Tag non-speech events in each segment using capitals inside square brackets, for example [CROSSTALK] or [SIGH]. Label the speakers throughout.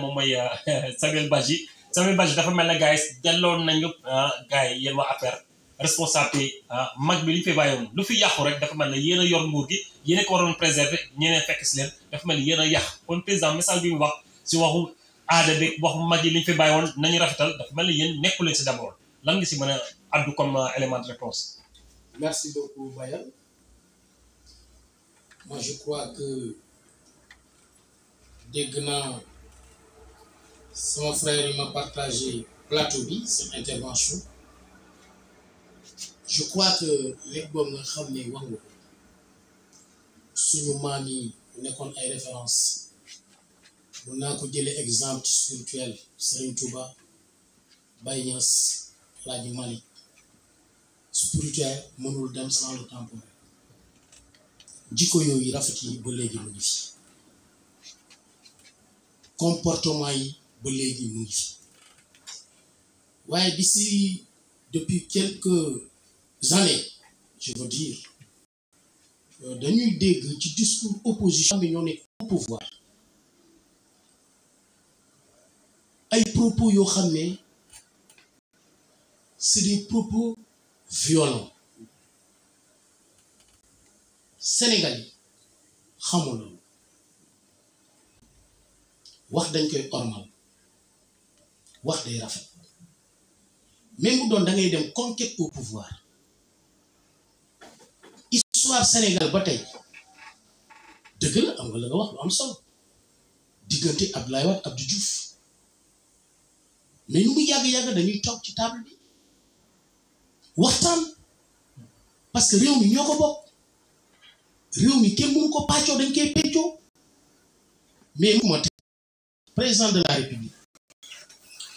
Speaker 1: moom mooy euh, [LAUGHS] Samuel Badji Samuel Badji dafa mel ne gars yi delloon nañu euh, gars yi yéen waa affaire responsabilité euh, mag bi li ñu fi bàyyoon lu fi yàqu rek dafa mel na yéen a yor nguur gi yéen ko waroon préserver ñeneen fekk si leen dafa mel ne yéen a yàq kon président message bi mu wax si waxu aada bi waxu mag yi li ñu fi nañu rafetal dafa mel ne si d'abord lan nga si mën a addu comme élément de réponse
Speaker 2: Merci beaucoup, mon frère m'a partagé plateau bi intervention je crois que les bonnes femmes ne vont pas. ko suñu maam yi nekkoon référence Nous avons ko jëlee exemple spirituel Serigne Touba Baye Niass Alaaji Malick spirituel mënul dem sans le temporel Dikoyo yooyu rafet les ba mo comportement ba léegi mu ngi ci d'ici depuis quelques années je veux dire euh, dañuy dégg ci discours opposition bi ñoo nekk au pouvoir ay propos yoo xam c'est des propos violents Sénégal yi xamul wax dañ koy ormal wax day rafet même doon da ngay dem conquête au pouvoir histoire Sénégal ba tey dëgg la am nga la nga wax lu am solo diggante Abdoulaye wat Abdou Diouf mais nu mu yàgg-yàgg dañuy toog ci table bi waxtaan parce que réew mi ñoo ko bokk réew mi kenn mënu ko pàccoo dañ koy peccoo mais mu ma président de la république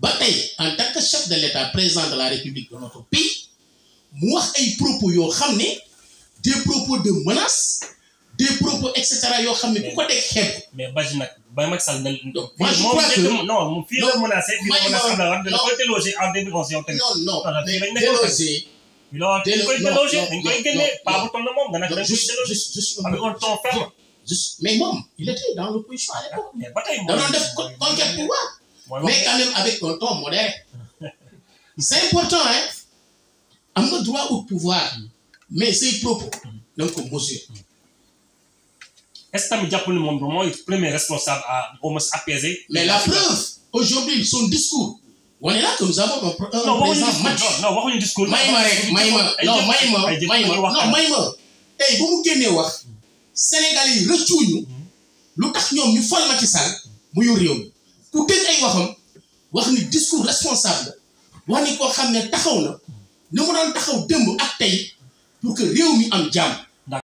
Speaker 2: Bataille en tant que chef de l'État présent de la République de notre pays moi wax propos des propos de menace des propos etc. yo ne bu mais
Speaker 1: je crois que non non menacé non non
Speaker 2: mais il était dans à l'époque. mais mais quand même avec un ton [LAUGHS] C'est important, hein? a le droit au pouvoir mais c'est propre. Donc, monsieur.
Speaker 1: est-ce que premier responsable à au apaiser. mais la preuve
Speaker 2: aujourd'hui son discours. est là que nous avons un non
Speaker 1: discours. Maïma Maïma non non
Speaker 2: eh, non Sénégalais nous tax ñu ku dégg ay waxam wax ni discours responsable wax ni koo xam ne taxaw na li mu daan taxaw démb ak tey pour que réew mi am jàmm